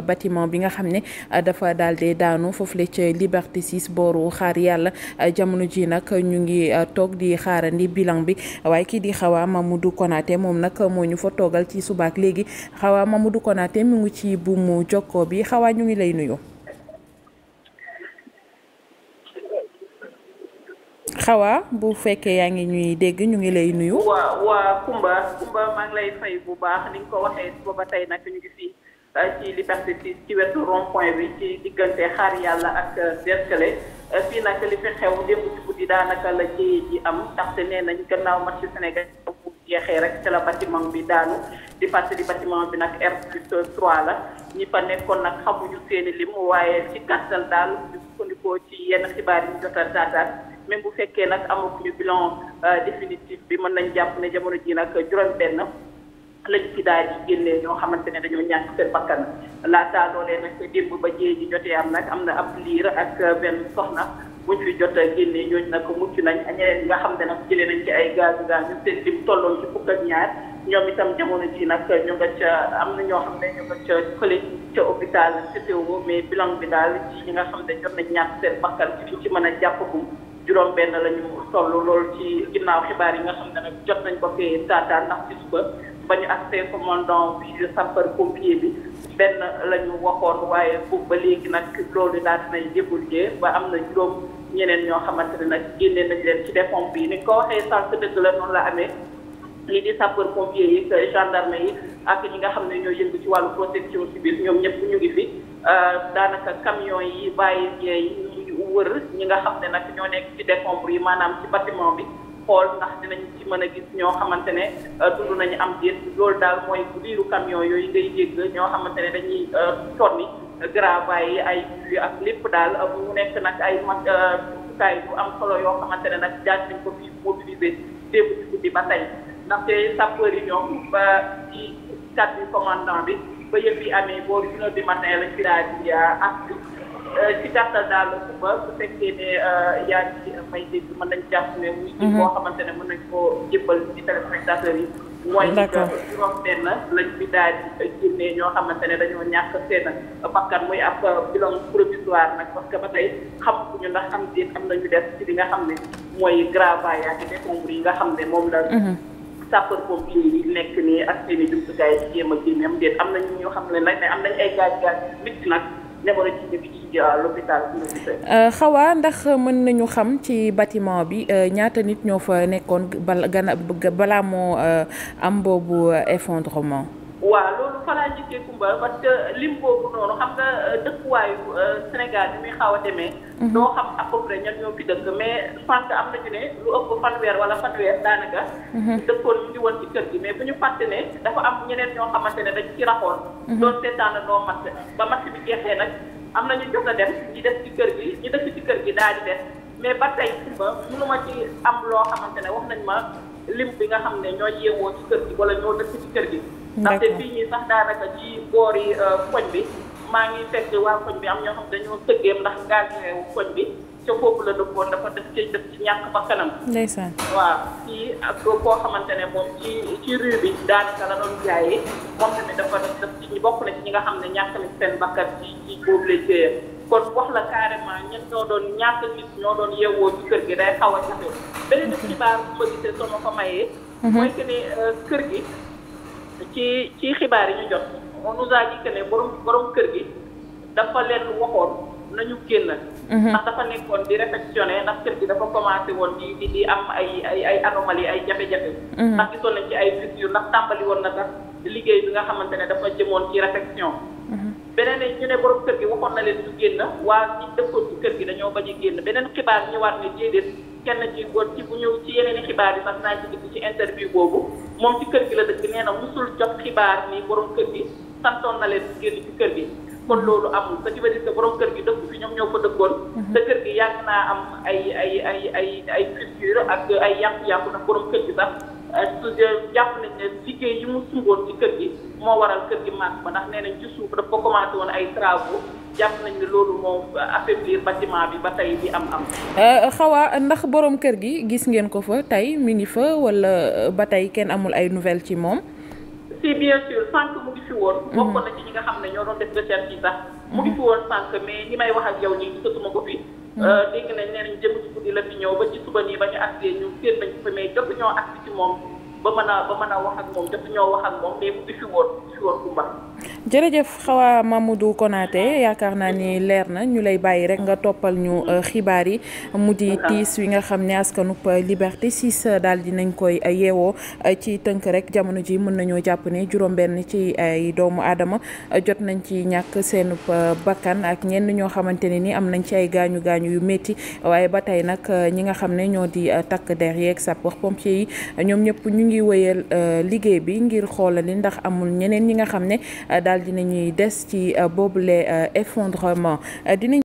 batiment bi nga xam ne euh, dafa daal daanu foofule ca Liberté booru xaar yàlla euh, jamono ji nag ñu ngi euh, toog di xaarandi bilan bi waaye kii di Xawa Mamadou Konaté moom nag moo ñu fa toogal ci subaak léegi Xawa Mamadou Konaté mu ngi ci buumu jokkoo bi Xawa ñu ngi lay nuyu. Xawa bu fekkee yaa ngi ñuy dégg ñu ngi lay nuyu. Euh, ci liberté ci ci wetu rond point bi ci diggante xaar yàlla ak euh, Derklé euh, fii nag li fi xew démb ci guddi daanaka la ci ji am ndaxte nee nañ gannaaw match Sénégal bu jeexee rek ci la bâtiment bi daanu di fàttali bâtiment bi nag R plus 3 la ñi fa nekkoon nag xamuñu seeni lim waaye ci gàttal daal ñu sukkandikoo ci yenn xibaar yi ñu jot a même bu fekkee nag amaguñu bilan définitif bi mën nañ jàpp ne jamono ji nag juróom benn lañ ci daal di génnee ñoo xamante ne dañoo ñàkk seen bakkan laataa loolee nag démb ba jiyee ji jotee am nag am na ab liir ak benn soxna buñ fi jot a génnee ñooñu nag mucc nañ ñeneen nga xam ne nag jëlee nañ ci ay gaz gaz ñu seen lim tolloon ñoom itam jamono ji nag ñu nga ca am na ñoo xam ne ñu nga ca fële ca hôpital mais bilan bi daal ci ñi nga xam ne jot nañ ñàkk seen bakkan ci ci mën a jàppagum juróom benn la ñu toll loolu ci ginnaaw xibaar yi nga xam ne nag jot nañ ko fee taataan ndax ci suba ba ñu accès commandant bi sapeur pompier bi benn la ñu waxoon waaye foofu ba léegi nag loolu daal dinay débouler ba am na juróom ñeneen ñoo xamante ne nag génne nañ leen ci décompte yi ni ko waxee sànq dëgg la noonu la amee lii di sapeur pompier yi gendarme yi ak ñi nga xam ne ñoo yëngu ci wàllu protection civile ñoom ñëpp ñu ngi fi euh, daanaka camion yi bàyyi yi ñu wër ñi nga xam ne nag ñoo nekk ci décombres yi maanaam ci bâtiment bi xool ndax dinañ ci mën a gis ñoo xamante ne euh, tudd nañu am déet lool daal mooy liiru camion yooyu ngay dégg ñoo xamante ne dañuy euh, tonni gravats yi ay puits ak lépp daal euh, mu nekk nag ay mag tukaay bu am solo yoo xamante ne nag jaaj ko fii mobiliser démb ci guddi ba tey ndaxte sapeur yi ñoom ba ci kàddu commandant bi ba yëpp yi amee booru une heure du matin la ci daal di àgg Euh, ci gàttal daal ba su fekkee ne euh, yaa ngi may dégg mën nañ jàpp ne muy ji mhm. boo xamante ne mën nañ koo jébbal ci téléspectateurs yi euh, mooy ñoo xamante ne dañoo ñàkk seen bakkan muy ab bilan provisoire nag parce que ba tey xamaguñu ndax am déet am nañu des ci li nga xam ne mooy gravats yaa ngi xam ne moom la mhm. sapeur pompier yi nekk nii ak seen i jumtukaay yi jéem a am déet am ñoo xam ne nag ne am nañ ay gaaj gaaj nit nag Euh, euh, xawaa ndax mën nañu xam ci bâtiment bi euh, ñaata nit ñoo fa nekkoon bala gana balaa moo am boobu effondrement waaw loolu falaa jikkee Kumba parce que lim boobu noonu xam nga euh, dëkkuwaayu euh, Sénégal bi muy xaw a demee. Mhm. doo xam à peu près ñan ñoo fi dëkk mais je que am na ñu ne lu ëpp fanweer wala fanweer daanaka. Mhm. dëkkoon ñu woon ci kër gi mais bu ñu fàtte ne dafa am ñeneen ñoo xamante ne dañ ci raxoon. Mhm. doon seetaan doo mat ba mat bi jeexee nag am na ñu jot a dem ñu def ci kër gi ñu def ci kër gi daal di def mais ba tey Kumba ma ci am loo xamante ne wax nañ ma lim bi nga xam ne ñoo yeewoo ci kër gi wala ñoo dëkk ci kër gi. ndaxte fii ñii sax daanaka ci boor yi euh, koñ bi maa ngi fekk waa koñ bi am ñoo xam dañoo tëggee ndax gazon wu koñ bi ca foofu la dëkkoon dafa def ci def ci ñàkk ba kanam ndeysaan waaw fii ak koo xamante ne moom ci ci rue bi daanaka la doon jaayee moom tamit dafa def bokk na ñi nga xam ne ñàkk na seen bakkan ci ci boobu la jëyee kon wax la carrément ñun ñoo doon ñaata nit ñoo doon yeewoo kër gi day xaw a jafe beneen mhm. xibaar bu ma gisee soo ma ko mayee mhm. mooy que euh, kër gi ci ci xibaar yi ñu jot on nous a dit que ne borom borom kër gi dafa leen waxoon nañu génn. Mhm. ndax dafa nekkoon di réfectionné ndax kër gi dafa commencé woon di di di am ay ay ay anomalie ay jafe-jafe. Mhm. ndax gisoon nañ ci ay fissure ndax tàmbali woon na sax liggéey bi nga xamante ne dafa jëmoon ci réfection. Mhm. beneen ñu ne borom kër gi waxoon na leen ñu génn waa ñi dëkkoon ci kër gi dañoo bañ a génn beneen xibaar ñëwaat ne déedéet. kenn ci góor ci bu ñëw ci yeneen i xibaar yi sax naa ci dugg ci interview boobu moom ci kër gi la dëkk nee na musul jot xibaar ni borom kër gi santoon na leen génn ci kër gi kon loolu amul ce qui veut dire que borom kër gi ñoom ñoo ko dëkkoon mhm. te kër gi yàgg naa am ay ay ay ay ay ak ay yàqu-yàqu ndax borom kër gi sax euh, jàpp nañ ne liggéey yi mu sumboon ci kër gi moo waral kër gi màgg ba ndax nee nañ ci suuf daf ko commencé woon ay travaux jàpp nañ ne loolu moo affaiblir bâtiment bi ba tey di am am. xawaa euh, ndax boroom kër gi gis ngeen ko fa tey mu ngi fa wala euh, ba tey kenn amul ay nouvelles ci moom. si bien sûr mhm. ci ñi nga doon def recherche yi sax. wax mhm. euh, ci suba nii ba ñu àggsee ñu séen nañ ko fa mais jot ñoo àgg ci moom ba mën a ba mën a wax ak moom jot ñoo wax ak moom mais mu ngi fi woon fi woon Kumba. jërëjëf xawaa Xawa Mamadou konaate yaakaar naa ni leer na ñu lay bàyyi rek nga toppal ñu euh, xibaar yi mu di tiis wi nga xam ne askanub euh, Liberté 6 euh, daal di nañ koy yeewoo ci tënk rek jamono ji mën nañoo jàpp ne juróom-benn ci ay doomu aadama jot nañ ci ñàkk seenu seenub bakkan ak ñenn ñoo xamante ne ni am nañ ci ay gaañu gaañu yu métti waaye ba tey nag ñi nga xam ne ñoo di takk der yeeg sapeur pompier yi ñoom ñëpp ñu ngi wëyal liggéey bi ngir xoolali ndax amul ñeneen ñi nga xam ne dinañuy des ci euh, boobule euh, effondrement euh, dinañ